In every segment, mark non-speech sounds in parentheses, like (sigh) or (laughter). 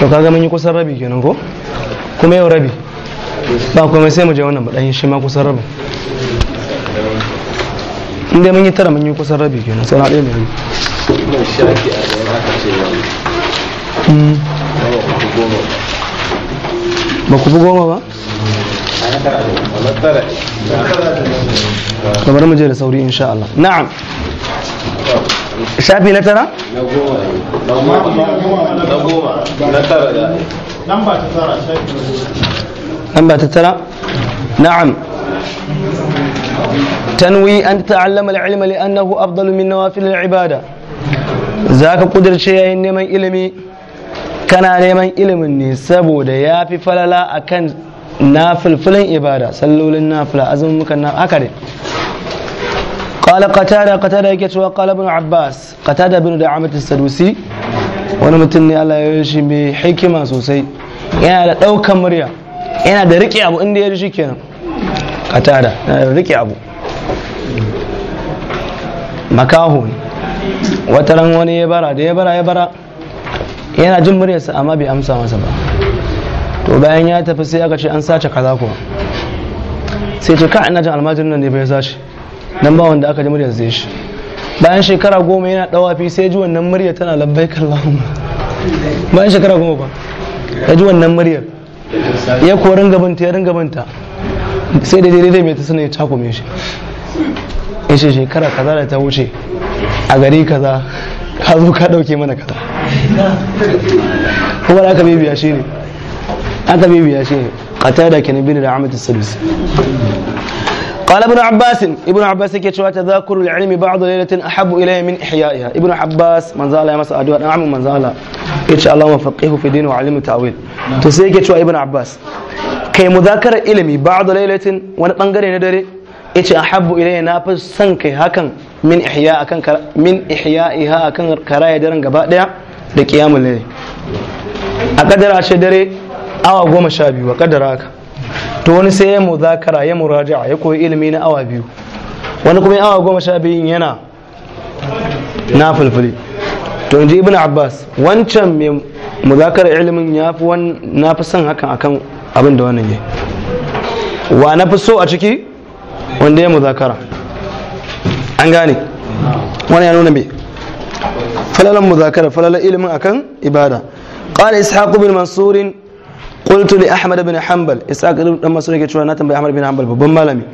to kaga mun yi kusan rabi kenan ko kuma yau rabi ba kuma sai mu je wannan ba dan shi ma kusan rabi inda mun yi tara mun yi kusan rabi kenan sai na ɗaya mai hmm. ba ku bi goma ba طب انا مجهز ان شاء الله نعم شعبي لا ترى نمبر تترى نعم تنوي ان تتعلم العلم لانه افضل من نوافل العباده ذاك قدر شيئا إنما إلمي كان نمن علم ني سبوده يافي فلالا اكن na filfilin ibada sallolin nafila azumin na haka ne قال قتادة yake يكتوى قال Abbas. عباس قتادة da دعامة Sadusi. wani mutum ne Allah ya yi shi mai hikima sosai yana da ɗaukan murya yana da riƙe abu inda ya shi kenan katada yana da riƙe abu makaho ne wata ran wani ya bara da ya bara ya bara yana jin muryarsa amma bai amsa masa ba to bayan ya tafi sai aka ce an sace kaza kuma sai ce ka ina jin almajirin nan ne bai sace dan ba wanda aka ji muryar zai shi bayan shekara goma yana dawafi sai ji wannan muryar tana labbaik Allahumma bayan shekara goma ba ya ji wannan muryar ya ko ringa binta ya ringa binta sai da daidai mai ta sanar ya cakume shi ya ce shekara kaza da ta wuce a gari kaza ka zo ka dauke mana kaza kuma da aka bibiya shi ne aka bibiya shi qatada kenan bin rahmat as-sadus قال ابن عباس ابن عباس yake cewa tadhakurul ilmi ba'd laylatin ahabbu ilayya min ihya'iha ibn abbas manzo Allah ya masa addu'a dan amin manzo Allah yace Allah wa faqihu fi din wa alimu ta'wil to sai yake cewa ibn abbas kai mudakara ilmi ba'd laylatin wani bangare na dare yace ahabbu ilayya na fi son kai hakan min ihya iya min ihya'iha akan karaya daren gaba daya da qiyamul layl a kadara shi dare awa goma sha biyu a kadara haka to wani sai ya muzakara ya muraja'a ya koyi ilimi na awa biyu wani kuma awa goma sha biyun yana na fulfuli to inji ibn abbas wancan mai muzakarar ilimin ya fi na fi son hakan akan abin da wannan yi wa na fi so a ciki wanda ya muzakara an gane wani ya nuna me falalan muzakara falalan ilimin akan ibada قال إسحاق بن منصور qultu li ahmad ibn hanbal isaq ibn dan masu cewa na tambayi ahmad ibn hanbal babban malami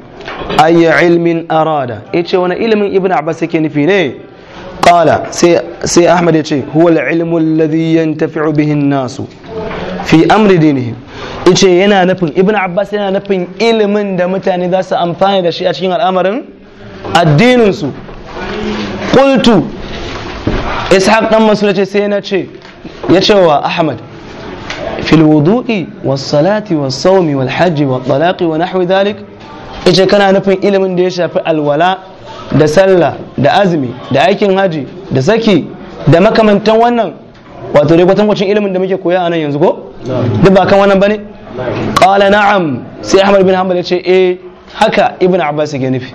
ay ilmin arada yace wani ilimin ibn abbas yake nufi ne qala sai sai ahmad yace huwa al-ilmu alladhi yantafi'u bihi an-nasu fi amri dinihim yace yana nufin ibn abbas yana nufin ilimin da mutane za su amfani da shi a cikin al'amarin addininsu. su qultu ɗan dan masu yace sai na ce ya cewa ahmad fil wudu'i والصلاة salati والحج والطلاق ونحو ذلك إذا كان wa nahwi dhalik yace kana nufin ilimin da ya shafi alwala da sallah da azumi da aikin haji da saki da makamantan wannan wato dai kwatankwacin ilimin da muke koya a nan yanzu ko duk ba kan wannan bane qala na'am sai ahmad bin hanbal yace eh haka ibn abbas ya nufi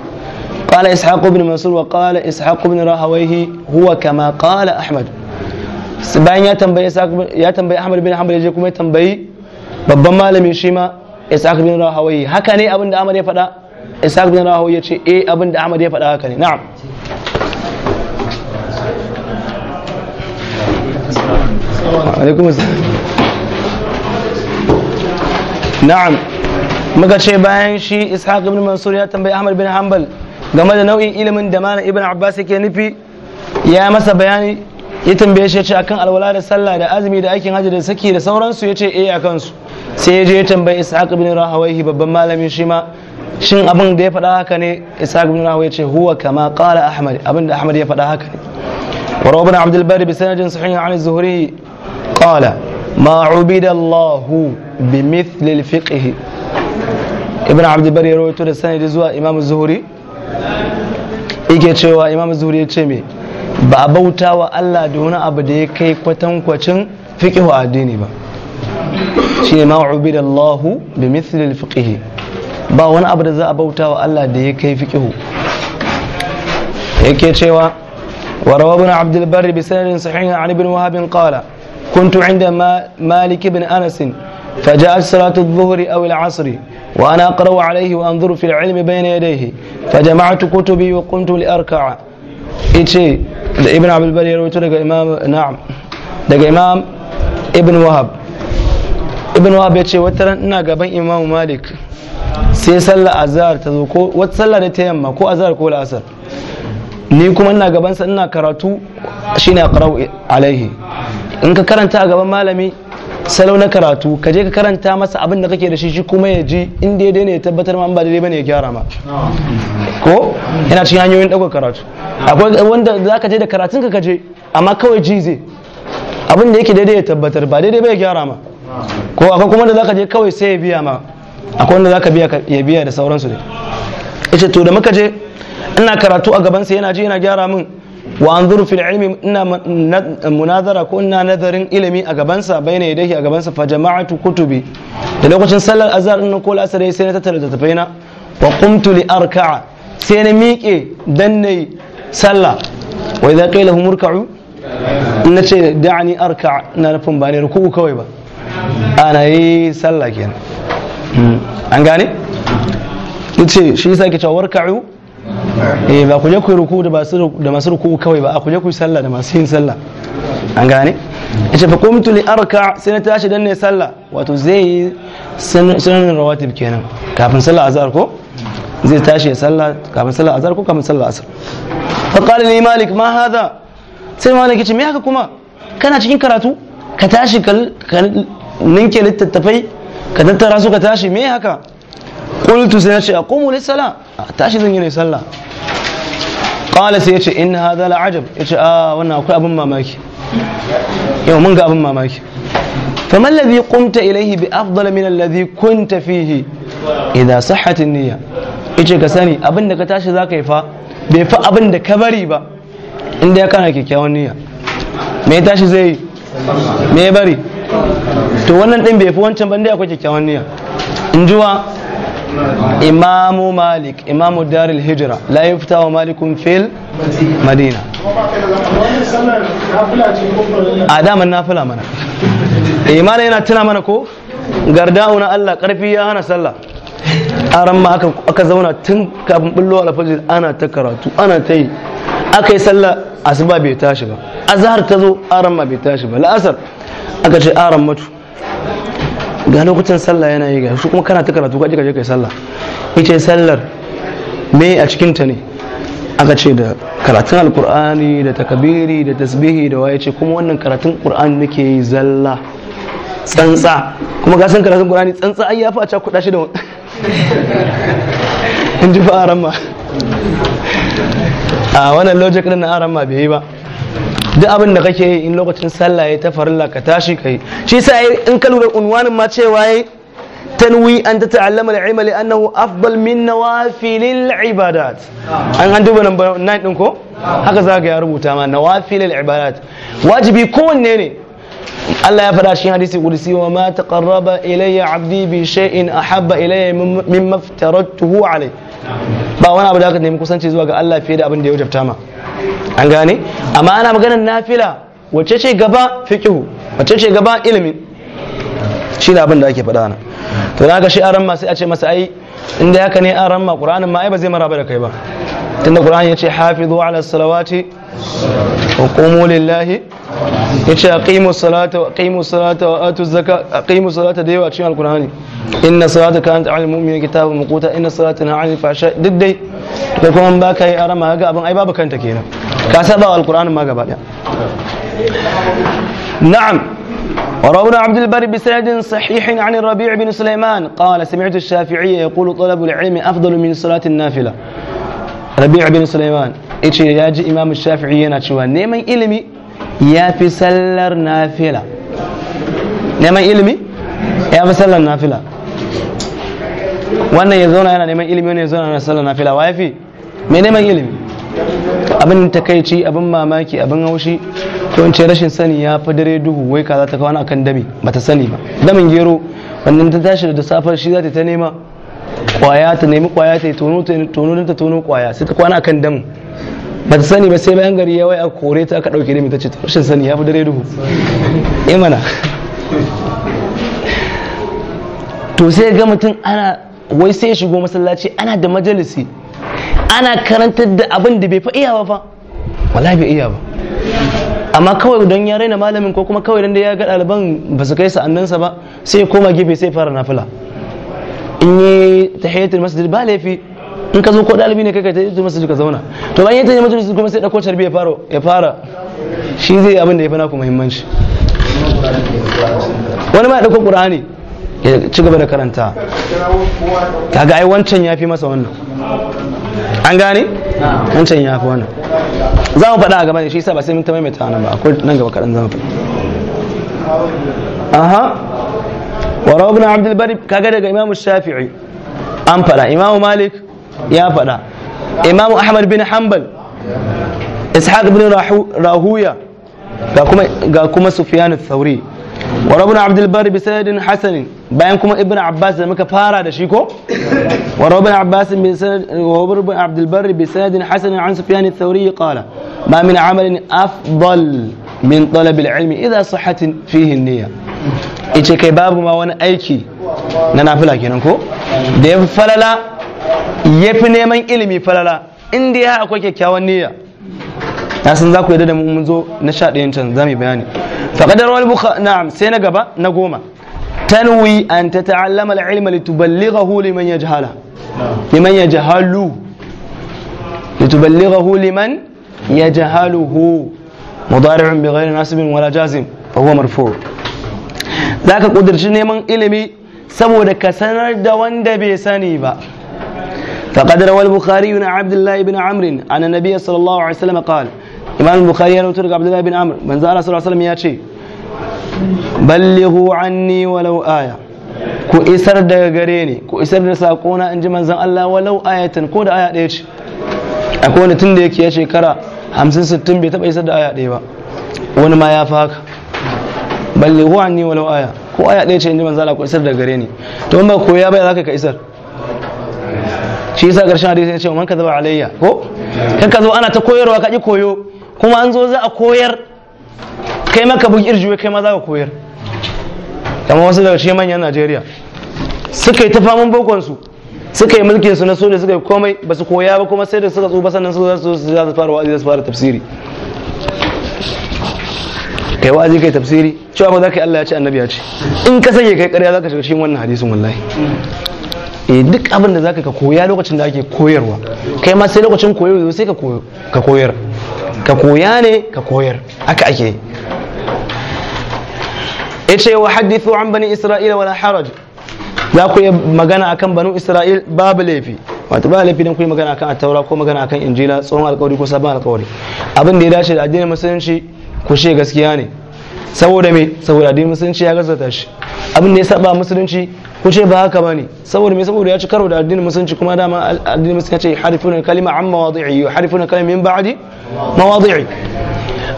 qala ishaq ibn mansur wa qala ishaq ibn rahawayhi huwa kama qala ahmad bayan ya tambayi ya tambayi Ahmad bin Hanbal je kuma ya tambayi babban malami shi ma Isaac bin Rahawai haka ne abin da Ahmad ya faɗa Isaac bin Rahawai ya ce eh abin da Ahmad ya faɗa haka ne na'am alaikum na'am muka ce bayan shi Isaac bin Mansur ya tambayi Ahmad bin Hanbal game da nau'in ilimin da Malam Ibn Abbas yake nufi ya masa bayani ya tambaye shi ce akan alwala da sallah da azumi da aikin hajji da saki da sauransu ya ce eh akan su sai ya je ya tambayi ishaq ibn rahawayhi babban malamin shi ma shin abin da ya faɗa haka ne ishaq ibn rahawayhi ya ce huwa kama qala ahmad abin da ahmad ya faɗa haka ne وروى ابن عبد البر بسند صحيح عن الزهري قال ما عبد الله بمثل الفقه ابن عبد البر يروي تو da sanadi zuwa imam zuhuri yake cewa imam zuhuri ya ce me ba a bauta wa Allah da wani abu da ya kai kwatankwacin fiƙihu addini ba shi ne ma'ubi da Allahu bi fiƙihi ba wani abu da za a bauta wa Allah da ya kai fiƙihu yake cewa wa rawa ibn abdul barri bi sanadin sahihin an ibn qala kuntu inda malik ibn anas فجاءت صلاة الظهر أو العصر وأنا أقرأ عليه وأنظر في العلم بين يديه فجمعت كتبي وقمت لأركع ce da ibn abdul bari ya rawaito daga imam na'am daga imam ibn wahab ibn wahab ya ce wata ran ina gaban imam malik sai a azhar ta zo ko wata sallar da ta yamma ko azhar ko la'asar ni kuma ina gaban sa ina karatu shine aqra'u alaihi in ka karanta a gaban malami salau na karatu ka je ka karanta masa abin da kake da shi shi kuma ya ji in daidai ne ya tabbatar ma ba daidai bane ya gyara ma ko yana cikin hanyoyin ɗaukar karatu akwai wanda za ka je da karatun ka ka je amma kawai ji zai abin da yake daidai ya tabbatar ba daidai bai ya gyara ma ko akwai kuma da za ka je kawai sai ya biya ma akwai wanda za ka biya ya biya da sauransu ne ita to da muka je ina karatu a gabansa yana ji yana gyara min wa anzuru fil ilmi ina munazara ko ina nazarin ilimi a gabansa bayna yadayhi a gabansa fa jama'atu kutubi da lokacin sallar azhar ina ko la'asar sai na tattara littattafai na wa qumtu li arka'a sai na miƙe dan nayi sallah wa idza qila hum irka'u na ce da'ani arka na nufin ba ne ruku'u kawai ba ana yi sallah kenan an gane ce shi yasa ke cewa warka'u eh ba ku je ku ruku da masu ruku kawai ba a ku je ku yi sallah da masu yin sallah an gane ita fa qumtu li arka sai na tashi dan ne sallah wato zai sunan rawatib kenan kafin sallah azhar ko zai tashi ya sallah kafin sallah azhar ko kafin sallah asr fa qala li malik ma hadha sai malik ce me haka kuma kana cikin karatu ka tashi ka ninke littattafai ka tattara su ka tashi me haka qultu sai na ce aqumu lis salah tashi zan yi ne sallah qala sai ce in haza la'ajab Ya ce a ah, wannan akwai abin mamaki yau mun ga abin mamaki فما ilaihi bi إليه بأفضل من الذي كنت فيه إذا niyya. Ya ce ka sani abin da ka tashi za ka yi fa bai fi abin da ka bari ba inda ya kana kyakkyawan niyya me ya tashi zai yi me ya bari to wannan din bai fi wancan ban da akwai kyakkyawan niyya in ji wa imamu malik imamu daril hijira la yufta wa malikun fil madina a daman nafila mana imana eh, yana tuna mana ko garda'u na Allah karfi ya hana sallah a ran aka zauna tun kafin bullo alfajir ana ta karatu ana ta yi aka yi sallah asuba bai tashi ba azhar ta zo aran bai tashi ba la'asar aka ce aran mutu ga lokacin sallah yana yi ga su kuma kana ta karatu kaje kaje kai sallah ita sallar me a cikin ta ne aka ce da karatun alkur'ani da takabiri da tasbihi da waye ce kuma wannan karatun qur'ani nake yi zalla tsantsa kuma ga san karatun qur'ani tsantsa ai ya a ca kuɗa shi da in (laughs) ji fa aran ma a wannan logic din na aran ma bai yi ba duk abin da kake yi in lokacin sallah ya tafarilla ka tashi kai shi sa in ka lura unwanin ma cewa yayi tanwi an ta ta'allama al-ilma li annahu afdal min nawafilil ibadat an an duba number 9 din ko haka zaka ya rubuta ma filin ibadat wajibi kowanne ne Allah ya faɗa shi hadisi kudusi wa ma taqarraba ilayya abdi bi shay'in ahabba ilayya mimma aftaratuhu alayh ba wani abu da aka nemi kusanci zuwa ga Allah fiye da abin da ya wajabta ma an gane amma ana maganar nafila wacce ce gaba fiqhu wacce ce gaba ilimi shi abin da ake faɗa nan to zaka shi aran masu sai a ce masa ai inda haka ne aran ma qur'anin ma ai ba zai maraba da kai ba tunda qur'ani yace hafizu ala salawati wa qumu lillahi yace aqimu salata wa aqimu salata wa atu zakat aqimu salata da yawa cikin alqur'ani inna salata kanat ala mu'minina kitabun maquta inna salata na 'anil fasha duk dai kai kuma ba ka yi aran ga abin ai babu kanta kenan ka saba alqur'anin ma gaba daya na'am وروى عبد البر بسند صحيح عن الربيع بن سليمان قال سمعت الشافعي يقول طلب العلم أفضل من صلاة النافلة ربيع بن سليمان إيش ياجي إمام الشافعي يناتشوا نيما إلمي يا في سلر نافلة نيما إلمي يا في سلر نافلة wannan ya zauna yana neman ilimi wannan ya zauna yana sallar fila. wa yafi mai neman ilimi abin takaici abin mamaki abin haushi ce rashin sani ya fi dare duhu wai kaza ta kawo akan dami bata sani ba damin gero wannan ta tashi da safar shi za ta ta nema kwaya ta nemi kwaya ta yi tono tono ta tono kwaya sai ta kwana akan damin ba ta sani ba sai bayan gari ya wai a kore ta aka dauke da ta ce rashin sani ya fi dare duhu imana eh to sai ga mutum ana wai sai ya shigo masallaci ana da majalisi ana karantar da abin da bai fa iya ba fa wallahi bai iya ba amma kawai don ya raina malamin ko kuma kawai don da ya ga ɗaliban ba su kai sa'anninsa ba sai koma gefe sai fara nafila in yi tahiyatul masjid ba laifi in ka zo ko ɗalibi ne kai kai tahiyatul masjid ka zauna to bayan tahiyatul masjid kuma sai ɗauko carbi ya fara ya fara shi zai abin da ya fi naku muhimmanci wani ma ya ɗauko ƙur'ani ya ci gaba da karanta kaga ai wancan ya fi masa wannan an gane wancan ya fi wannan za mu faɗa a gaba da shi sa ba sai mun ta maimaita nan ba akwai nan gaba kaɗan za mu faɗa aha wa rawa ibn abdul bari kaga daga imam shafi'i an faɗa imam malik ya faɗa imam ahmad bin hanbal ishaq bin rahuya ga kuma ga kuma sufyan al-thawri wa rabbuna abdul bari bi hasanin bayan kuma ibn abbas da muka fara da shi ko wa ibn abbas bin sanad wa ibn abd albar bi sanad hasan an sufyan athawri qala ma min amalin afdal min talab alilm idha sahhat fihi an-niyya yace kai babu ma wani aiki na nafila kenan ko da yafi falala yafi neman ilimi falala inda ya akwai kyakkyawan niyya na san za ku yadda da mun zo na sha ɗayan can za mu bayani faqadar wani bukhari na'am sai na gaba na goma تنوي أن تتعلم العلم لتبلغه لمن يجهله لمن يجهله لتبلغه لمن يجهله مضارع بغير ناسب ولا جازم فهو مرفوع ذاك قدر نيمان ilimi saboda ka sanar da wanda سنيبا sani ba فقد روى البخاري عن عبد الله بن عمرو ان النبي صلى الله عليه وسلم قال إمام البخاري يروي عبد الله بن عمرو من زار صلى الله عليه وسلم ياتي ballighu anni walau aya ku isar daga gare ne ku isar da sakona in ji manzon Allah walau ayatan ko da aya ɗaya ce akwai wani tun da yake ya shekara 50 60 bai taba isar da aya ɗaya ba wani ma ya fi haka ballighu anni walau aya ko aya ɗaya ce in ji manzon Allah ku isar daga gare ni to in ba koya bai zaka ka isar shi yasa ƙarshen hadisi ya ce man kadaba alayya ko kan ka zo ana ta koyarwa ka ƙi koyo kuma an zo za a koyar kai maka bugi wai kai ma za ka koyar kamar wasu daga cikin manyan najeriya suka yi ta famun bokonsu suka yi mulkin su na soja suka yi komai ba su koya ba kuma sai da suka tsufa sannan suka za su za su fara wa'azi za su fara tafsiri kai wa'azi kai tafsiri cewa ba za ka yi Allah ya ce annabi ya ce in ka sanya kai ƙarya za ka shiga cikin wannan hadisin wallahi e duk abin da za ka koya lokacin da ake koyarwa kai ma sai lokacin koyo sai ka koyar ka koya ne ka koyar aka ake ya ce wa hadithu an bani isra'ila wala haraj za ku yi magana akan banu isra'il babu laifi wato ba laifi don ku yi magana akan attaura ko magana akan injila tsohon alkawari ko sabon alkawari abin da ya dace da addinin musulunci ku ce gaskiya ne saboda me saboda addinin musulunci ya gazzata shi abin da ya saba musulunci ku ce ba haka bane saboda me saboda ya ci karo da addinin musulunci kuma dama addinin musulunci ya ce harifuna kalima amma wadi'i harifuna kalima min ba'di mawadi'i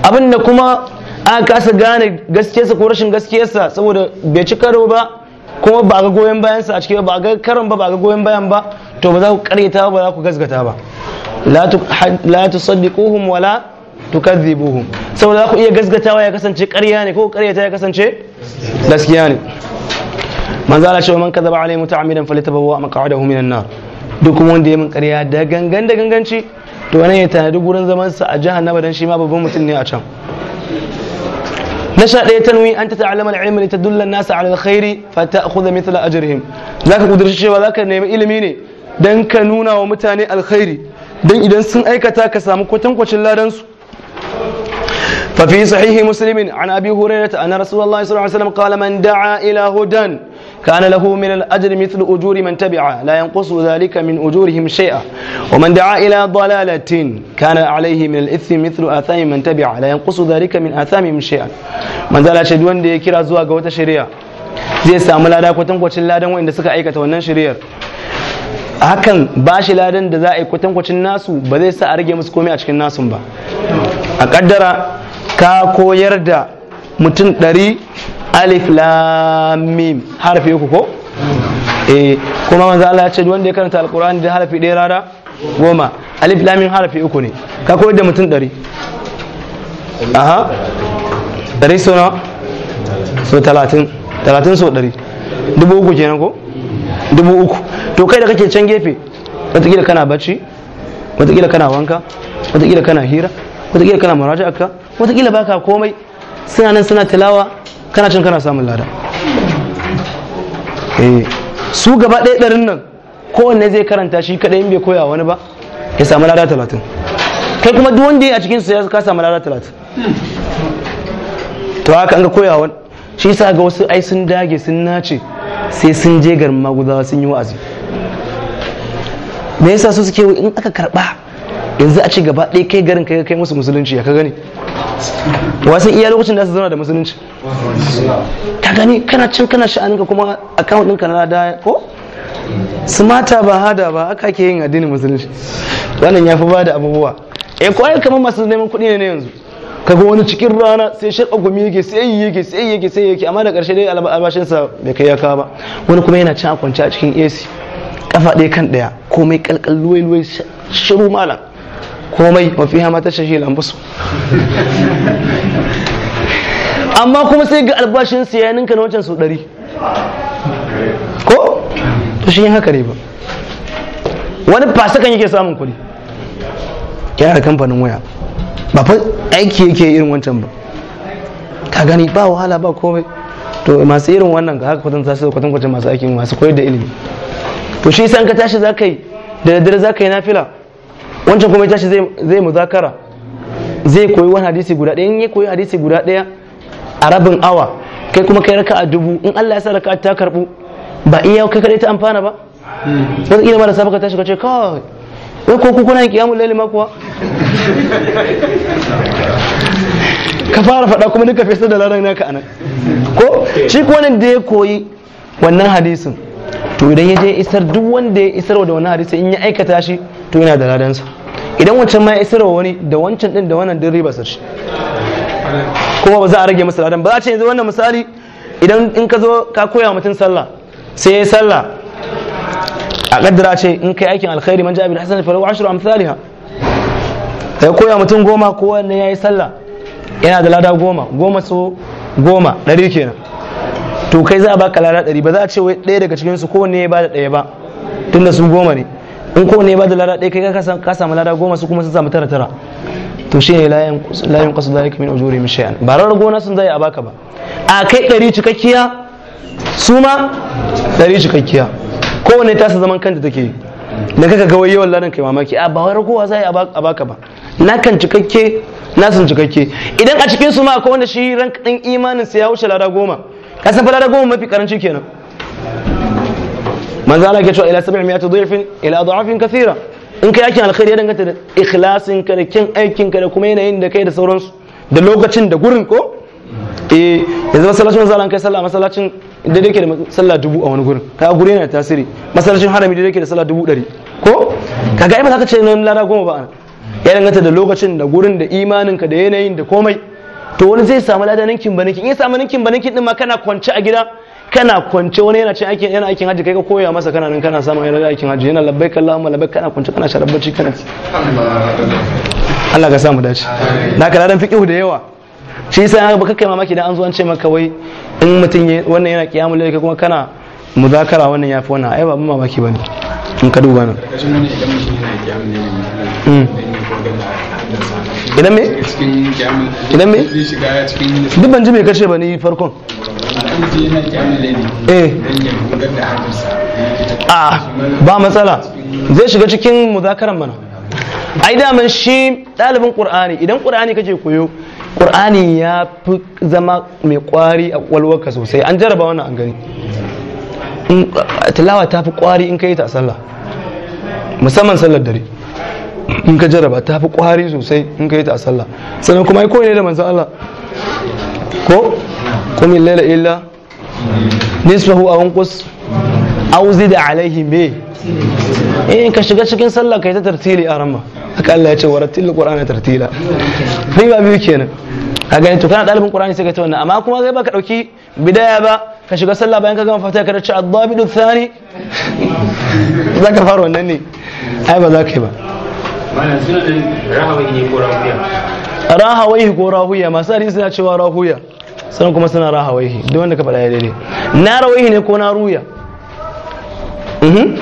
abin da kuma an kasa gane gaskiyarsa ko rashin gaskiyarsa saboda bai ci karo ba kuma ba ga goyon bayansa a cikin ba ga karon ba ba ga goyon bayan ba to ba za ku karyata ba za ku gasgata ba la tusaddiquhum wala tukadhibuhum saboda za ku iya gasgatawa ya kasance karya ne ko karyata ya kasance gaskiya ne manzo Allah cewa man kadaba alai muta'ammidan falyatabawwa maq'adahu minan nar duk kuma wanda ya min karya da gangan da ganganci to wannan ya tana duk zaman sa a jahannama dan shi ma babban mutum ne a can na sha ɗaya tanwi an ta ta'allama al-ilma li tadulla an-nasa ala al-khairi fa ta'khudha mithla ajrihim zaka kudurci cewa zaka nemi ilimi ne dan ka nuna wa mutane alkhairi dan idan sun aikata ka samu kwatankwacin ladan su ففي صحيح مسلم عن ابي هريره ان رسول الله صلى الله عليه وسلم قال كان له من الأجر مثل أجور من تبعه لا ينقص ذلك من أجورهم شيئا ومن دعا إلى ضلالة كان عليه من الإثم مثل آثام من تبعه لا ينقص ذلك من آثامهم شيئا من ذلك شدوان دي كرا زوا قوة شريعة لا داكو lada kwatankwacin ladan وإن دسك أيكا تونن شريعة hakan ba shi ladan da za a yi kwatankwacin nasu ba zai sa a rage musu komai a cikin nasun ba a kaddara ka koyar da mutum ɗari alif lam mim harfi uku ko eh kuma manzo Allah ya ce wanda ya karanta alqur'ani da harfi ɗaya rara goma alif lam mim harfi uku ne ka koyar da mutum ɗari aha ɗari so na so talatin talatin so ɗari dubu uku kenan ko dubu uku to kai da kake can gefe wataƙila kana bacci wataƙila kana wanka wataƙila kana hira wataƙila kana muraja'a ka wataƙila baka komai suna nan suna tilawa kana cin kana samun lada eh, su gaba ɗaya ɗarin nan kowanne zai karanta shi kaɗai in bai koya wani ba ya samu lada talatin kai kuma duk wanda ya a cikin su ya ka samu lada talatin to haka an ga koya wani shi sa ga wasu ai sun dage sun nace sai sun je garin maguzawa sun yi wa'azi me yasa su suke in aka karba yanzu a ci gaba ɗaya kai garin kai kai musu musulunci ya ka gani wasu iya lokacin da su zauna da musulunci ka gani kana cin kana sha'aninka kuma account ɗinka na da ko su mata ba hada ba haka ke yin addinin musulunci wannan ya fi ba da abubuwa eh kwayar kamar masu neman kuɗi ne yanzu kaga wani cikin rana sai shaƙa gumi yake sai yake sai yake sai yake amma da ƙarshe dai albashinsa bai kai ya kawo ba wani kuma yana cin a a cikin AC kafa ɗaya kan ɗaya komai kalkal luwai luwai shiru malam komai mafi fiha ma tashahi al-anfus amma kuma sai ga albashin ya ninka na wancan su 100 ko to shi haka ne ba wani fasakan yake samun kuɗi yana da kamfanin waya ba fa aiki yake irin wancan ba ka gani ba wahala ba komai to masu irin wannan ga haka kwatanta su kwatankwacin masu aiki masu koyar da ilimi to shi san ka tashi za ka yi da daddare za ka yi wancan kuma ya tashi zai muzakara zai koyi wani hadisi guda ɗaya in ya koyi hadisi guda ɗaya a rabin awa kai kuma kai raka a dubu in Allah ya sa raka ta karbu ba iya kai kadai ta amfana ba wata kila marasa baka tashi ka ce kawai wai ko kuna yin kiyamun laili ma kuwa ka fara faɗa kuma duka fesa da laran naka anan ko shi ko da ya koyi wannan hadisin to idan ya je isar duk wanda ya isar da wani hadisi in ya aikata shi to yana da ladansa idan wancan ma ya isar wa wani da wancan din da wannan din riba sa shi kuma ba za a rage masa ladan ba za a ce yanzu wannan misali idan in ka zo ka koya mutum sallah sai ya sallah a kaddara ce in kai aikin alkhairi man jabi bil hasan falahu ashru amsalha sai koya mutum goma ko wanda ya yi sallah yana da lada goma goma so goma ɗari kenan to kai za a baka lada ɗari ba za a ce wai ɗaya daga cikinsu kowanne ya bada ɗaya ba tunda su goma ne in kowanne ya bada lada ɗaya kai ka samu lada goma su kuma sun samu tara tara to shi ne layin kasu da min ujuri min shay'an ba rawar gona sun zai a baka ba a kai ɗari cikakkiya su ma ɗari cikakkiya kowanne tasa zaman kanta take da kaka ga yawan ladan kai mamaki a ba wai ragowa zai a baka ba na kan cikakke na sun cikakke idan a cikin su ma akwai wanda shi ran ɗin imanin sa ya wuce lada goma ka san falala goma mafi karanci kenan manzo Allah ke cewa ila sab'i mi'ati dhifin ila dha'afin kathira in kai aikin alkhairi ya danganta da ikhlasin ka da kin aikin ka da kuma yanayin da kai da sauransu da lokacin da gurin ko eh yanzu masallacin manzo Allah kai sallah masallacin da yake da sallah dubu a wani gurin ka gure yana tasiri masallacin harami da yake da sallah dubu ɗari ko kaga ai ba za ka ce nan lada goma ba ya danganta da lokacin da gurin da imanin ka da yanayin da komai to wani zai samu ladan ninkin ba ninkin in ya samu ninkin ba din ma kana kwance a gida kana kwance wani yana cin aikin yana aikin haji kai ka koya masa kana nan kana samu yana aikin haji yana labbaik Allahumma labbaik kana kwance kana sharar bacci kana Allah ka samu dace na ka ladan fiqhu da yawa shi yasa ba kai mamaki dan an zo an ce maka wai in mutum wannan yana kiyamul layl kuma kana muzakara wannan yafi wannan ai ba mamaki bane in ka duba nan ina me ina me duk ban mai kashe ba ni farkon eh a ah, ba matsala zai shiga cikin muzakaran mana ai daman shi ɗalibin ƙur'ani idan ƙur'ani kake koyo ƙur'ani ya fi zama mai ƙwari a ƙwalwarka sosai an jaraba wannan an gani tilawa ta fi ƙwari in ka yi ta sallah musamman sallar dare in ka jaraba ta fi kwari sosai in ka yi ta a sallah sannan kuma ai koyi ne da manzon Allah ko qumil illa illa nisfahu aw unqus aw zid alaihi me in ka shiga cikin sallah kai ta tartili a ramma haka Allah ya ce wa rattil qur'ana tartila ba biyu kenan a gani to kana dalibin qur'ani sai ka ta wannan amma kuma zai baka dauki bidaya ba ka shiga sallah bayan ka gama fatiha ka ce ad-dabidu thani zaka fara wannan ne ai ba za ka yi ba rahawaihi ko rahuya masu hadisi suna cewa rahuya sannan kuma suna rahawaihi duk wanda ka faɗa ya na rahawaihi ne ko na ruya mhm.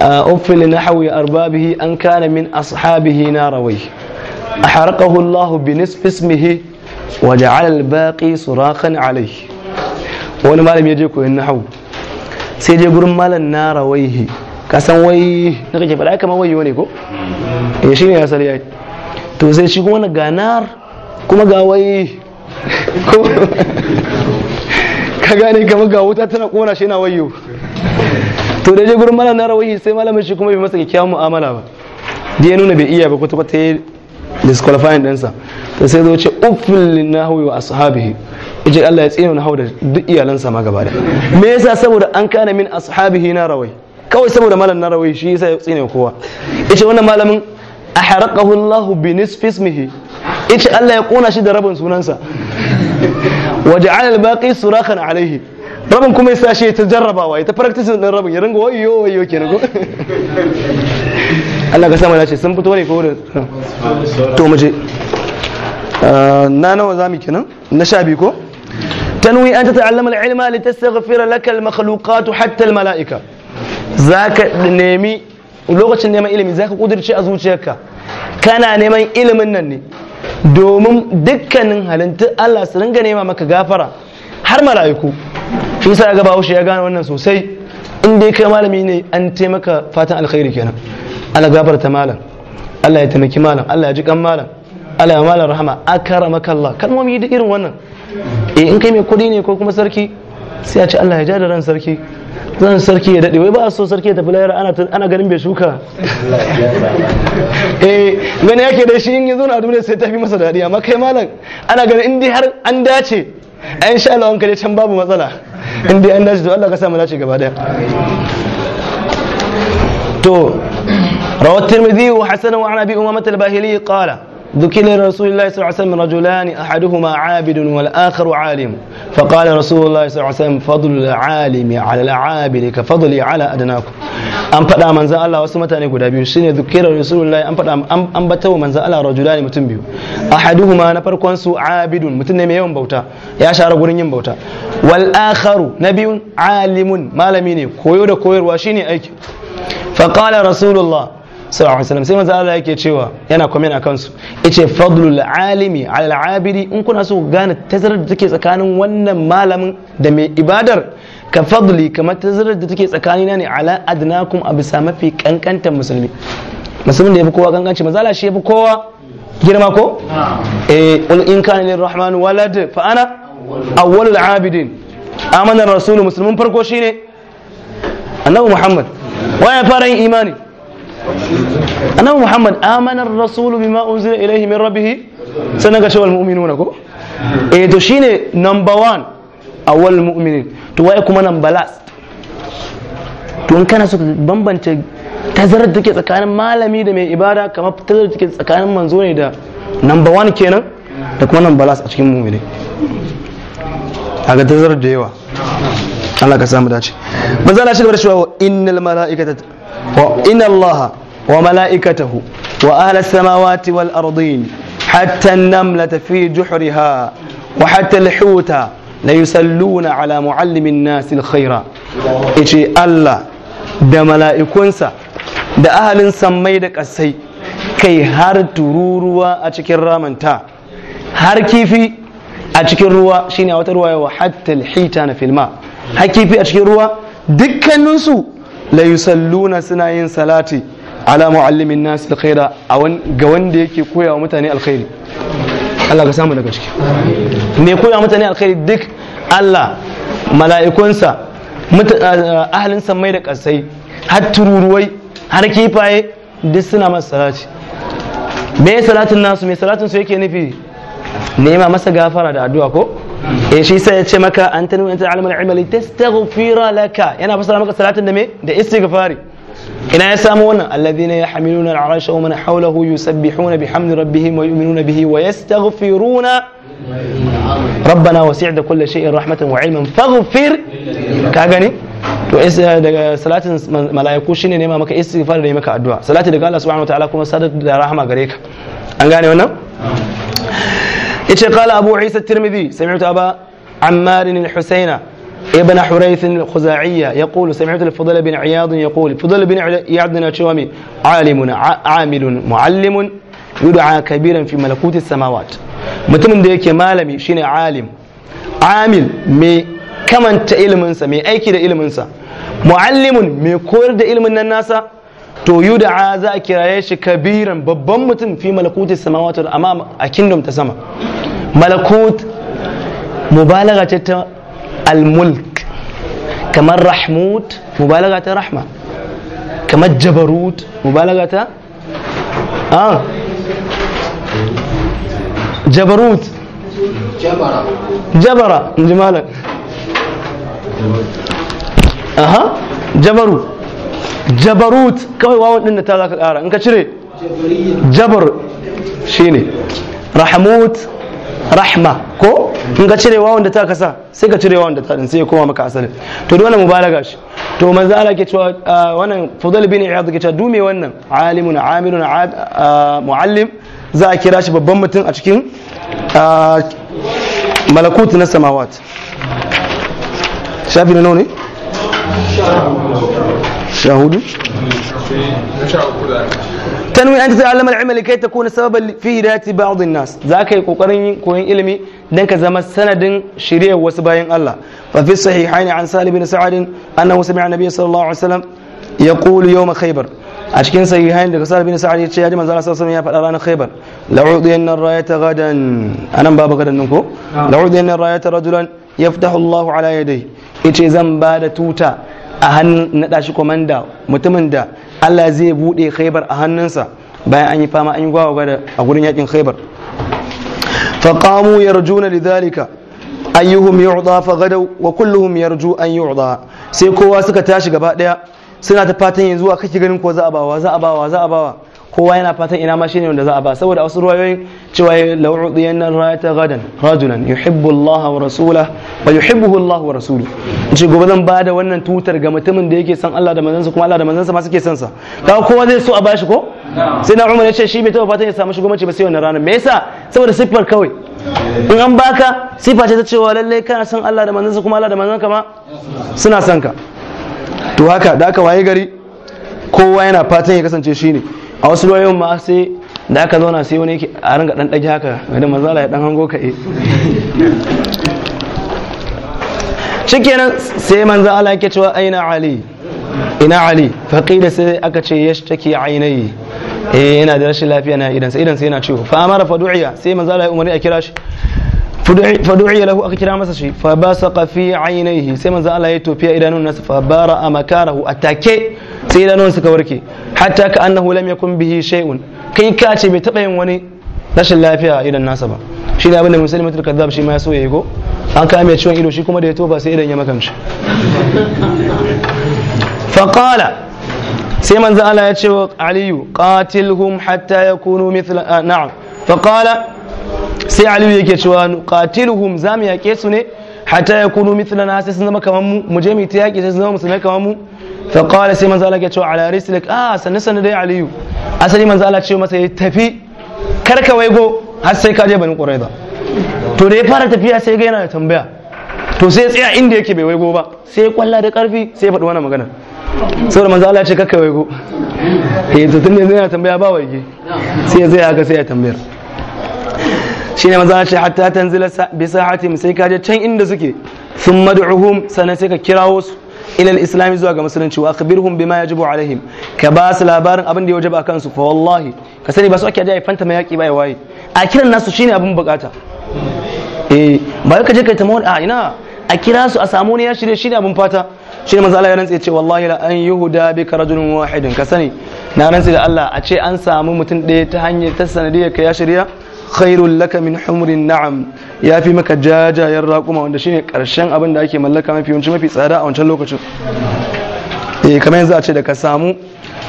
a uffilin na hawi arbabihi an kana min ashabihi na rahawaihi a harkahu Allah bi nisfismihi wa ja'ala albaqi surakan alaihi wani malam ya je koyon na hawi sai je gurin malam na rahawaihi ka san wai na kake faɗa kamar wayo ne ko eh shine asali yayi to sai shi kuma na ganar kuma ga wai ka gane kamar ga wuta tana kona shi na wayo to da je gurin malamin na rawayi sai malamin shi kuma bai masa kyakkyawan mu'amala ba da ya nuna bai iya ba kwata kwata ya disqualifying ɗinsa to sai zo ce uffin na wa ashabihi ije Allah ya tsina na hau da duk iyalansa ma gaba da me yasa saboda an kana min ashabihi na rawayi kawai saboda malam rawai shi yasa ya tsine kowa yace wannan malamin ahraqahu Allah bi nisfi ismihi yace Allah ya kona shi da rabin sunansa waja'ala al-baqi surakan alayhi rabin kuma yasa shi ta jarrabawa ya ta practice din rabin ya ringa wayo wayo kenan ko Allah ka sama lace sun fito ne ko to mu ah, na nawa zamu kenan na sha biyu ko al-ilma li tastaghfira lakal لك hatta al-mala'ika za ka nemi lokacin neman ilimi za ka kudurci a zuciyarka kana neman ilimin nan ne domin dukkanin halittu Allah su ringa nema maka gafara har mala'iku shi sa ga bahaushe ya gane wannan sosai in dai kai malami ne an taimaka fatan alkhairi kenan Allah ta malam Allah ya taimaki malam Allah ya ji kan malam Allah ya malam rahama akaramaka Allah kalmomi da irin wannan eh in kai mai kudi ne ko kuma sarki sai a ce Allah ya ja da ran sarki zan sarki ya daɗe wai ba a so sarki ya tafi lahira ana ganin bai shuka (laughs) eh gani yake dai shi in ya zo na duniya sai tafi masa daɗi amma kai malam ana ganin in dai har an dace a insha Allah wanka dai can babu matsala in dai an dace to Allah ka sa mu dace gaba daya to wa الترمذي وحسنه عن ابي امامه الباهلي قال ذكر لرسول الله صلى الله عليه وسلم رجلان احدهما عابد والاخر عالم فقال رسول الله صلى الله عليه وسلم فضل العالم على العابد كفضلي على ادناكم an faɗa manzan Allah wasu mutane guda biyu shine zukira rasulullahi an faɗa an batawa Allah rajulani mutum biyu ahaduhuma na farkon su abidun mutum ne mai bauta ya share gurin yin bauta wal akharu nabiyun alimun malami ne koyo da koyarwa shine aiki faqala rasulullah sallallahu alaihi wasallam sai manzo Allah yake cewa yana comment akan su yace fadlul alimi ala al'abidi in kuna so gane tazarar da take tsakanin wannan malamin da mai ibadar ka fadli kamar tazarar da take tsakanin ne ala adnakum a bisa mafi kankantan musulmi musulmin da yafi kowa kankanci manzo shi yafi kowa girma ko eh ul in kana lirrahman walad fa ana awwalul abidin amana rasulu musulmin farko shine annabi muhammad waya fara yin imani annabi muhammad amanar rasulu bima unzila ilaihi min rabbih sannan ga shawal mu'minuna ko eh to shine number one awal mu'minin to waye kuma number last to in kana so ka bambance tazarar da ke tsakanin malami da mai ibada kamar tazarar da ke tsakanin manzo ne da number one kenan da kuma number last a cikin mu'mini kaga tazarar da yawa Allah ka samu dace manzo Allah shi gaba da cewa innal mala'ikata وإن الله وملائكته وأهل السماوات والأرضين حتى النملة في جحرها وحتى الحوت ليسلون على معلم الناس الخير إيشي الله da mala'ikunsa da ahalin sammai da ƙasai kai har tururuwa a cikin ramanta har kifi a cikin ruwa shine a wata ruwa yawa hatta hita na filma har kifi a cikin ruwa dukkaninsu la yusalluna suna yin salati ala muallimin nas alkhaira ga wanda yake koya wa mutane alkhairi Allah ka samu daga ciki me koya mutane alkhairi duk Allah mala'ikunsa eh, ahalin sammai da kasai har tururuwai har kifaye duk suna masa salati me salatin nasu me salatin su yake nufi nema masa gafara da addu'a ko e shi sai ya ce maka an tanu anta alimul ilma tastaghfira laka yana fasara maka salatin da me da istighfari ina ya samu wannan alladhina yahmiluna al'arsha wa man hawlahu yusabbihuna bihamdi rabbihim wa yu'minuna bihi wa yastaghfiruna ربنا وسعت كل شيء رحمة وعلما فاغفر كاغني to eh, daga salatin mala'iku shine nema maka istighfar da maka addu'a salati daga Allah subhanahu wataala kuma sadar da rahama gare ka an gane wannan yace qala abu isa tirmidhi sami'tu aba ammar al-husaina ابن حريث الخزاعية يقول سمعت الفضل بن عياض يقول الفضل بن عياض نشومي عالم عامل معلم يدعى كبيرا في ملكوت السماوات mutumin da yake malami shine alim amil mai kamanta ilminsa mai aiki da iliminsa muallimun mai koyar da ilimin nan nasa to yud'a za a kiraye shi kabiran babban mutum fi malakutis samawati amma a kingdom ta sama malakut mubalaga ce ta al-mulk kamar rahmut mubalaga ta rahma kamar jabarut mubalaga ta ah jabarut jabara jabara in ji malam aha jabaru jabarut kawai wawan din ta zaka kara in ka cire jabar shine rahmut rahma ko in ka cire wawan da ta kasa sai ka cire wawan da ta din sai ya koma maka asalin to dole balaga shi to manzo Allah ke cewa wannan Fudal bin Iyad ke cewa dume wannan alimun amilun muallim za a kira shi babban mutum a cikin malakut na samawat shafi na nawa ne sha hudu tanwi an ta'allama al-ilma likai takuna sababan fi hidayati ba'd an-nas zaka yi kokarin koyon ilimi dan ka zama sanadin shiriyar wasu bayan Allah fa fi sahihaini an Salim bin Sa'ad annahu sami'a nabiyyi sallallahu alaihi wasallam yaqulu yawm Khaybar a cikin sahihain daga Salim bin Sa'ad yace ya ji manzo Allah sallallahu alaihi wasallam ya faɗa ranar Khaybar la'udiyanna ar-rayata gadan anan babu gadan nan rajulan yaftahu Allahu yace zan bada tuta a hannun na ɗashi komanda mutumin da Allah zai buɗe khaibar a hannunsa bayan an yi fama an yi gwagwa da a gurin yakin khaibar faqamu yarjuna lidhalika ayyuhum yu'da fa gadaw wa kulluhum yarju an yu'da sai kowa suka tashi gaba ɗaya suna ta fatan yanzu a kake ganin ko za a bawa za a bawa za a bawa kowa yana fatan ina ma shine wanda za a ba saboda wasu ruwayoyin cewa law udiyanna rayata gadan rajulan yuhibbu Allah wa rasulahu wa yuhibbuhu Allah wa rasuluhu ce gobe zan bada wannan tutar ga mutumin da yake son Allah da manzansa kuma Allah da manzansa ma suke son sa kaga kowa zai so a bashi ko sai na Umar ya ce shi bai taba fatan ya samu shugabanci ba sai wannan ranar me yasa saboda siffar kawai in an baka sifa ce ta cewa lallai kana son Allah da manzansa kuma Allah da manzanka ma suna son ka to haka da aka waye gari kowa yana fatan ya kasance shine ne a wasu loyoyin ma sai da aka zauna sai wani a ringa dan dage haka da manzala ya dan hango ka eh. shikenan sai manzo Allah yake cewa aina ali ina ali faqila sai aka ce yashtaki ainihi eh yana da rashin lafiya na idan sai idan sai yana ciwo fa amara fa du'iya sai manzo Allah ya umarni a kira shi fadu'i lahu aka kira masa shi fa basaqa fi ainihi sai manzo Allah ya tofiya idanun nasa fa bara amakarahu atake sai idanun suka warke hata ka annahu lam yakun bihi shay'un kai ka ce bai taba yin wani rashin lafiya idan nasa ba shi ne abinda musulmatul kazzab shi ma ya so ya go an kame ciwon ido shi kuma da ya tofa sai idan ya makanci fa sai manzo Allah ya ce wa aliyu katilhu hatta yakunu mithla ah, na'am fa qala sai aliyu yake cewa nuqatiluhum za mu yaƙe su ne hatta yakunu na sai sun zama kamar mu mu je mu ta yaƙi sai sun zama musulmai kamar mu fa qala sai manzo Allah ya ce ala rislik ah sanne sanne dai aliyu asali manzo Allah ce masa ya tafi kar ka waigo har sai ka je bani quraiza to da ya fara tafiya sai ga yana da tambaya to sai tsaya inda yake bai waigo ba sai kwalla da karfi sai faɗi wannan magana saboda manzo Allah ya ce kakka waigo eh to tun da yana tambaya ba waige sai ya tsaya haka sai ya tambayar ne maza ce hatta zila bi sahatim sai ka je can inda suke sun madu'uhum sannan sai ka kirawo su ilal islami zuwa ga musulunci wa akhbirhum bima yajibu alaihim ka ba su labarin abin da ya wajaba kansu fa wallahi ka sani ba su ake ajiya fanta mai yaki bai waye a kiran nasu shine abin bukata eh ba ka je kai ta a ina a kira su a samu ne ya shirye shine abin fata shine manzo Allah ya rantsa ce wallahi la an yuhda bika rajulun wahidin. ka sani na rantsa da Allah a ce an samu mutum ɗaya ta hanyar ta sanadiyar ka ya shirya khairul laka min humrin na'am ya fi maka jajayen raƙuma wanda shine ƙarshen abin da ake mallaka mafi yawanci mafi tsada a wancan lokacin eh kamar yanzu a ce da ka samu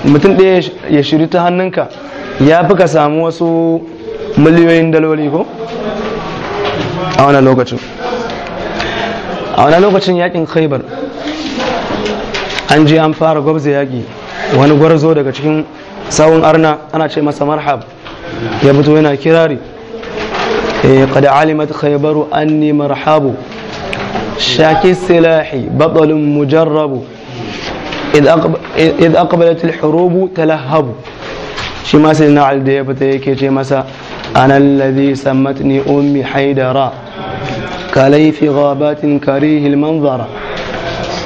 mutum ɗaya ya shiri ta hannunka ya fi ka samu wasu miliyoyin daloli ko a wani lokacin a wani lokacin yakin khaibar an je an fara gwabza yaƙi wani gwarzo daga cikin sawun arna ana ce masa marhab ya fito yana kirari قد علمت خيبر أني مرحب شاكي السلاح بطل مجرب إذ, أقب... إذ أقبلت الحروب تلهب شي ما سيدنا على ديبته يكي شي مسا أنا الذي سمتني أمي حيدرا كلي في غابات كريه المنظر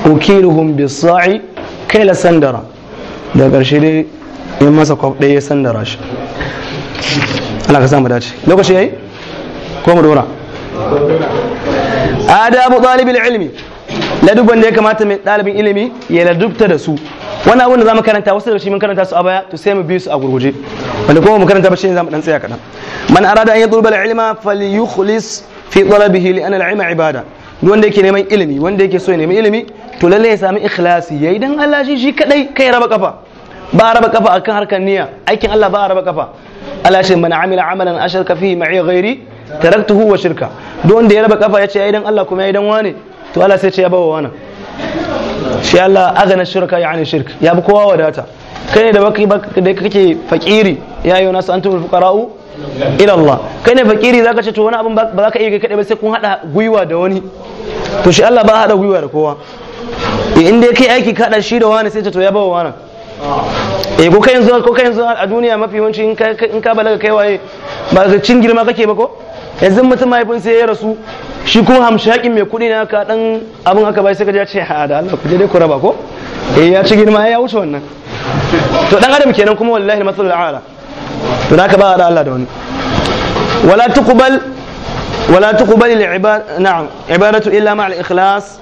أكيلهم بالصاع كيل سندرا da ƙarshe dai yin masa kwaf ɗaya sandara shi Allah ka samu dace lokaci yayi ko mu dora adabu talibul ilmi ladubban da ya kamata mai ɗalibin ilimi ya ladubta da su Wannan abin da za mu karanta wasu da shi mun karanta su a baya to sai mu bi su a gurguje wanda kuma mu karanta ba shi ne za mu dan tsaya kaɗan man arada an yi ilma falyukhlis fi talabihi li anna al-ilma ibada duk wanda yake neman ilimi wanda yake so ya neman ilimi to lalle ya sami ikhlasi yayi dan Allah shi shi kadai kai raba kafa ba raba kafa akan harkar niyya aikin Allah ba raba kafa Allah shi man amila amalan asharka fihi ma'i ghairi taraktuhu wa shirka duk wanda ya raba kafa ya ce ya idan Allah kuma ya idan wane to Allah sai ce ya bawa wana shi Allah agana shirka ya ani shirk ya bi kowa wadata kai ne da baki da kake fakiri ya yi wani antum fukara'u? ila Allah kai ne fakiri zaka ce to wani abin ba za ka iya kai kadai ba sai kun hada gwiwa da wani to shi Allah ba hada gwiwa da kowa eh, in dai kai aiki kada shi da wani sai ce to ya bawa wani E eh, ko kai yanzu ko kai yanzu a duniya mafi yawanci in ka balaga kai waye ba cin girma kake ba ko yanzu mutum mahaifinsa ya rasu shi kuma hamshakin mai kuɗi na ka ɗan abin haka bai sai ka ce ha da Allah ku je dai ku raba ko eh ya ci girma ya wuce wannan to dan adam kenan kuma wallahi masalul ala to da ka ba da Allah da wani wala tuqbal wala tuqbal al ibad na'am ibadatu illa ma al ikhlas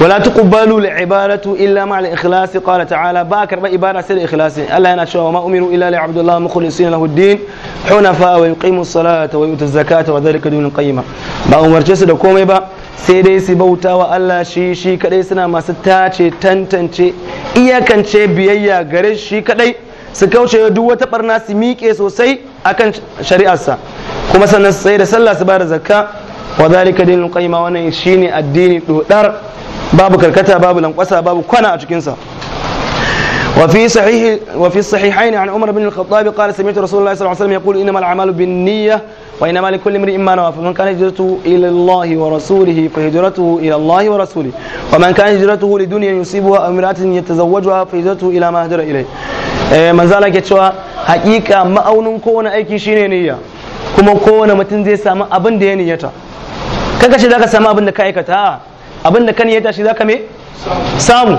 wala tuqbalu al-ibadatu illa ma al-ikhlas qala ta'ala ba karba ibada sai da ikhlasi Allah yana cewa ma umiru illa li abdullah mukhlisina lahu ad-din hunafa wa yuqimu as-salata wa yutu az-zakata wa dhalika dinul qayyima ba umarce su da komai ba sai dai su bauta wa Allah shi shi kadai suna masu tace tantance iyakance biyayya gare shi kadai su kauce duk wata barna su miƙe sosai akan shari'arsa kuma sannan sai da sallah su ba da zakka wa dhalika dinul qayyima wannan shine addinin dodar babu karkata babu lankwasa babu kwana a cikinsa وفي صحيح وفي الصحيحين عن عمر بن الخطاب قال سمعت رسول الله صلى الله عليه وسلم يقول انما الاعمال بالنيه وانما لكل امرئ ما نوى فمن كان هجرته الى الله ورسوله فهجرته الى الله ورسوله ومن كان هجرته لدنيا يصيبها او امراه يتزوجها فهجرته الى ما هجر اليه من ذلك cewa hakika ma'aunin kowane aiki shine niyya kuma kowane mutum zai samu abin da ya niyyata kaga ce zaka samu abin da ka aikata abin da kan ya tashi zaka me samu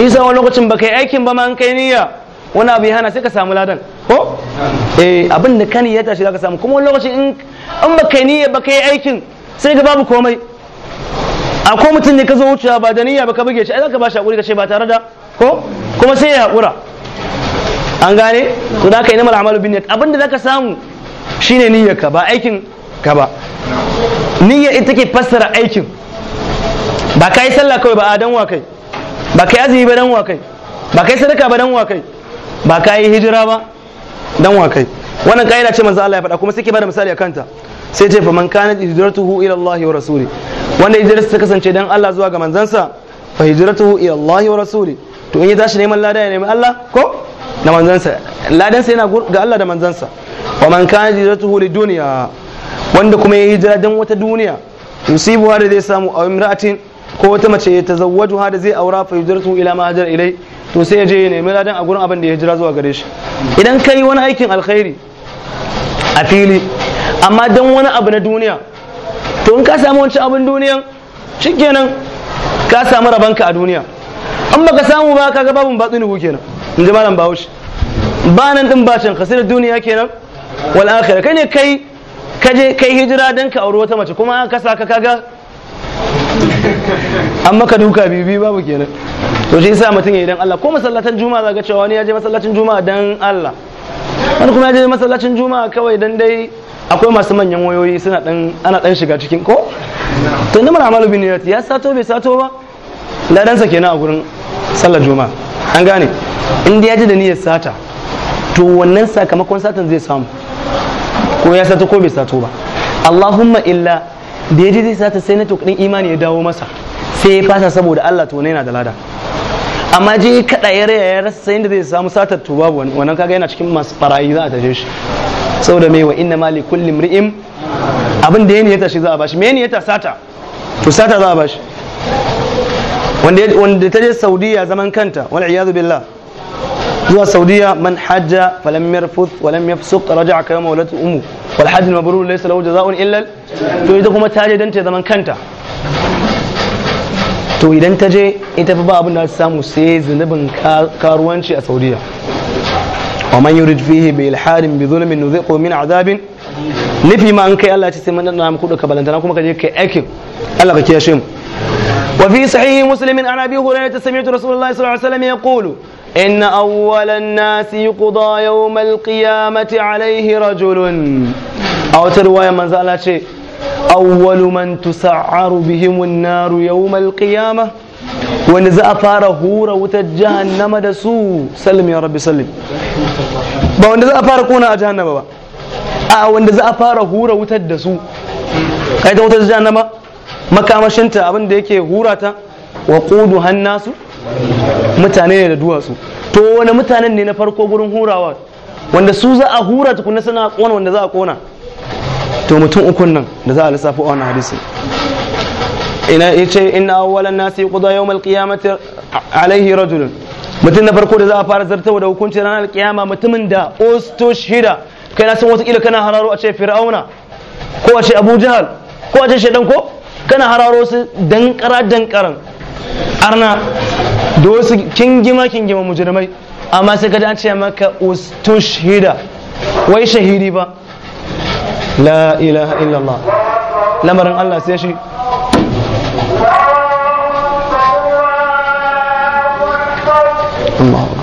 isa wani lokacin baka yi aikin ba ma an kai niyya wani abu ya hana sai ka samu ladan ko eh abin da kan ya tashi zaka samu kuma wani lokacin in in baka yi niyya baka yi aikin sai ka babu komai akwai mutum ne ka zo wucewa ba da niyya baka buge shi ai zaka ba shi hakuri ka ce ba tare da ko kuma sai ya hakura an gane to da ka yi namar amalu bin abin da zaka samu shine niyyarka ba aikin ka ba niyya ita ke fassara aikin ba ka yi sallah kawai ba a dan wa kai ba ka yi azumi ba dan wakai kai ba ka yi sadaka ba dan wakai kai ba ka yi hijira ba dan wakai kai wannan kaida ce manzo Allah ya faɗa kuma sai ke bada misali a kanta sai ce fa man hijirar hijratuhu ila Allah wa rasuli wanda hijrarsa ta kasance dan Allah zuwa ga manzansa fa hijratuhu ila Allah wa rasuli to in ya tashi neman lada ya nemi Allah ko da manzansa ladan yana ga Allah da manzansa wa man hijirar hijratuhu li duniya wanda kuma ya hijira dan wata duniya yusibu hada zai samu a imra'atin ko wata mace ya tazawwaju ha da zai aura fa yujartu ila ma hajar ilai to sai ya je ya nemi ladan a gurin abin da ya jira zuwa gare shi idan kai wani aikin alkhairi a fili amma dan wani abu na duniya to in ka samu wancan abin duniyan shikenan ka samu ka a duniya an baka samu ba kaga babun batsinu kenan in ji malam bahaushe ba nan din bashin khasirar duniya kenan wal akhirah kai ne kai kaje kai hijira dan ka auri wata mace kuma ka saka kaga an maka duka bibi babu kenan to shi yasa mutum ya yi dan Allah ko masallatan juma'a zaga cewa wani ya je masallacin juma'a dan Allah wani kuma ya je masallacin juma'a kawai dan dai akwai masu manyan wayoyi suna dan ana dan shiga cikin ko to ni mara malubi ne ya sato bai sato ba ladansa kenan a gurin sallar juma'a an gane in ya ji da niyyar sata to wannan sakamakon satan zai samu ko ya sato ko bai sato ba Allahumma illa da ya ji zai sata sai na din imani ya dawo masa sai ya fasa saboda Allah to yana da lada amma je kada ya raya ya rasa sai inda zai samu satar to wannan kaga yana cikin masu barayi za a tashe shi saboda mai wa inna mali kulli mri'im abin da ya niyata shi za a bashi me niyata sata to sata za a bashi wanda ta je saudiya zaman kanta wal iyadu billah zuwa saudiya man hajja falam yarfuth walam yafsuq raja'a kayma walatu ummu wal hajj mabrur laysa lahu jaza'un illa to ita kuma ta je don ta zaman kanta to idan ta je ita fa ba abin da ta samu sai zunubin karuwanci a saudiya wa man yurid fihi bi ilhadin bi zulmin nuziqu min azabin nufi ma an kai Allah ce sai mun dana muku da kabalantana kuma ka je Allah ka kiyashe mu wa fi sahihi muslim an abi hurairah sami'tu الناس يقضى يوم القيامة عليه رجل أو ترواية من awwalu man tusa'aru bihim an-naru yawm al-qiyamah wanda za a fara hura wutar jahannama da su sallim ya rabbi sallim ba wanda za a fara kona a jahannama ba a wanda za a fara hura wutar da su kai ta wutar jahannama makamashinta abin da yake hura ta wa qudu hannasu mutane ne da duwatsu to wani mutanen ne na farko gurin hurawa wanda su za a hura tukuna suna kona wanda za a kona to mutum ukun nan da za a lissafo a wannan hadisi ina yace inna awwalan nasi quda yawm alqiyamati Alayhi rajulun mutum na farko da za a fara zartawa da hukunci ranar alkiyama mutumin da osto shida kai na san wata kila kana hararo a ce fir'auna ko a ce abu jahal ko a ce shaidan ko kana hararo su dankara dankaran arna da wasu kingima kingima mujrimai amma sai ka an ce maka ustushhida wai shahidi ba la ilaha illallah lamarin Allah sai shi Allah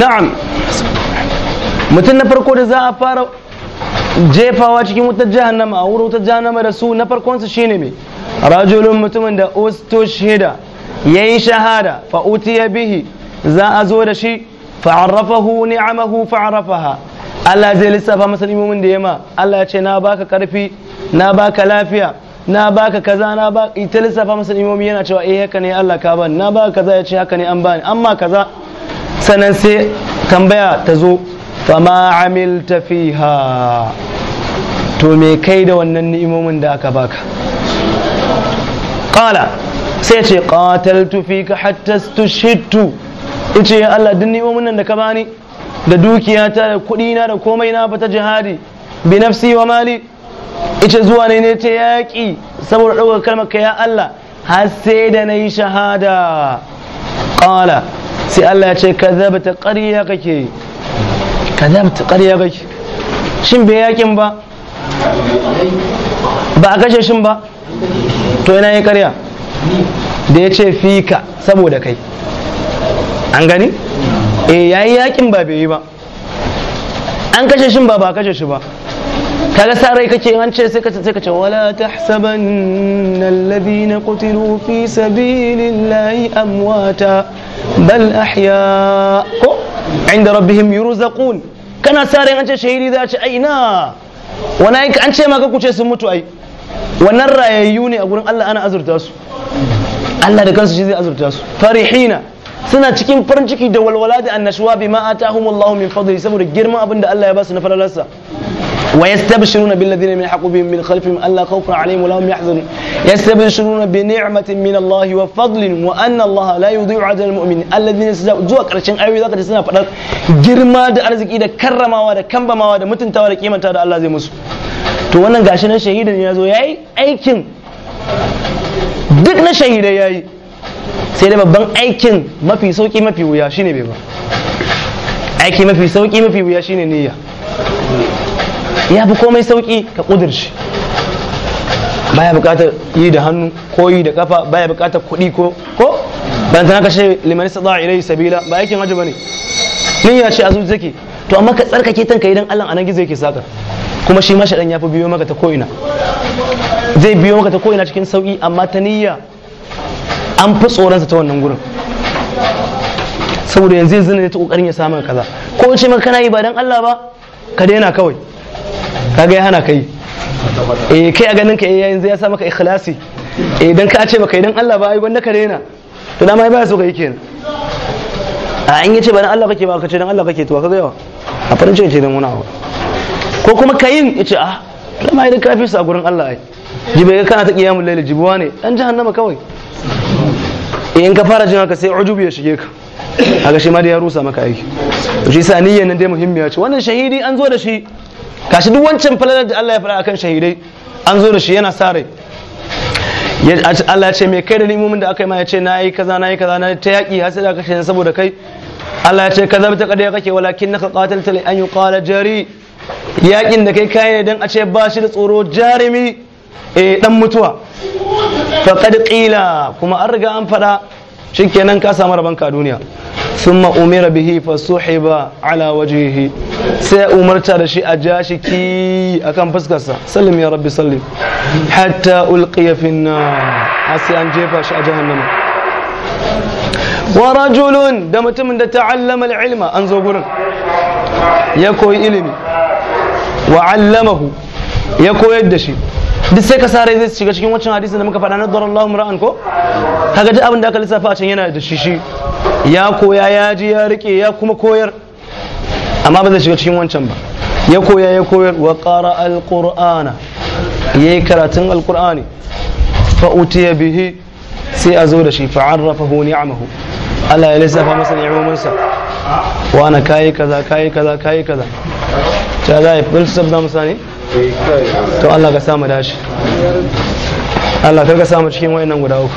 na'am mutum na farko da za a fara jefawa cikin wutar jahannama a wurin wutar jahannama da su na farkonsu shine mai rajulun mutumin da ya yayi shahada fa utiya bihi za a zo da shi fa arrafahu ni'amahu fa arrafaha Allah zai lissafa masa ni'imomin da yama Allah ya ce na baka karfi na baka lafiya na baka kaza na ba ita lissafa masa ni'imomi yana cewa eh haka ne Allah ka bani na baka kaza ya ce haka ne an bani amma kaza sannan sai tambaya ta zo fama amilta tafiha. to me kai da wannan ni'imomin da aka baka Ƙala. sai ce tufi ka hatta stushittu yace ya Allah duk ni'imomin nan da ka bani da dukiyata da kuɗi na da komai na fata jihadi bi nafsi wa mali ice zuwa ne ne ta yaƙi saboda ɗaukar kalmar ka ya Allah har sai da na yi shahada Ƙala. sai Allah ya ce ka zaba ta ƙarya kake zaba ta ƙarya kake shin bai yakin ba ba a kashe shin ba to yana yi ƙarya da ya ce fika saboda kai an gani eh yayi yakin ba bai yi ba an kashe shin ba ba kashe shi ba kaga sa rai kake an ce sai ka sai ka ce wala tahsabanna alladhina qutilu fi sabilillahi amwata bal ahya ko inda rabbihim yurzaqun kana sa rai an ce shahidi za ce aina wani an ce maka kuce sun mutu ai wannan rayayyu ne a gurin Allah ana azurta su Allah da kansu shi zai azurta su farihina suna cikin farin ciki da walwala da annashuwa bima atahumullahu min fadli saboda girman abin da Allah ya ba su na falalarsa ويستبشرون بالذين من حق بهم من خلفهم الا خوف عليهم ولا هم يحزنون يستبشرون بنعمه من الله وفضل وان الله لا يضيع أجر المؤمن الذين استجابوا زوا ƙarshen ayoyi zaka ji suna faɗar girma da arziki da karramawa da kambamawa da mutuntawa da kimanta da Allah zai musu to wannan gashi na shahidan ya zo yayi aikin duk na shahida yayi sai da babban aikin mafi sauki mafi wuya shine bai ba aiki mafi sauki mafi wuya shine niyya ya fi komai sauki ka kudurci baya bukatar yi da hannu ko yi da kafa baya bukatar kuɗi ko ko ban shi kashe sa za'a irai sabila ba aikin hajji bane ya ce a zuci zake, to amma ka tsarkake tanka idan Allah anan gizo yake saka kuma shi ma shaɗan ya fi biyo maka ta ko'ina zai biyo maka ta ko'ina cikin sauki amma ta niyya an fi tsoron sa ta wannan gurin saboda yanzu yanzu ne ta ƙoƙarin ya samu kaza ko ce maka kana yi ba don Allah ba ka daina kawai kaga ya hana kai eh kai a ganin ka eh zai ya sa maka ikhlasi eh dan ka ce maka idan Allah ba ai wanda ka rena to dama ai ba so kai kenan a in yace ba dan Allah kake ba ka ce dan Allah kake to ka ga yawa a farin ciki ce dan wani abu ko kuma kayin yace ah dama idan ka fi sa gurin Allah ai jibe kana ta qiyamul layl jibuwa ne dan jahannama kawai eh, in ka fara jin haka sai ujubi ya shige ka a ga shi ma da ya rusa maka aiki to shi sa niyyar nan dai muhimmiya ce wannan shahidi an zo da shi kashi duk wancan falalar da Allah ya faɗa akan shahidai an zo da shi yana sa rai Allah ya ce mai kai da limomin da aka yi ma ya ce na yi kaza na yi kaza na ta yaki har sai da kashe saboda kai Allah ya ce kaza ta kada ya kake walakin naka qatalta li an yuqala jari yaƙin da kai kai dan a ce ba shi da tsoro jarumi. eh dan mutuwa kad qila kuma an riga an faɗa shikenan ka samu rabanka a duniya ثم umira bihi فصحب على وجهه سأمرت sai umarta da shi a ja shi ki akan fuskarsa sallim ya rabbi sallim hatta ulqiya fi nar sai an jefa shi a jahannama wa يكوي da ya koyar da duk sai ka sare zai shiga cikin wancan hadisin da muka faɗa na darallahu mura'an ko kaga duk abin da aka lissafa a can yana da shishi. ya koya ya ji ya rike ya kuma koyar amma ba zai shiga cikin wancan ba ya koya ya koyar wa ƙara alƙur'ana ya yi karatun alƙur'ani ya bihi sai a zo da shi a amahu Allah ya lissafa masa wa na kayi kaza kayi kaza kayi kaza ta za a yi filsaf za musa ne to Allah ka samu dashi Allah kar ka samu cikin wayannan guda uku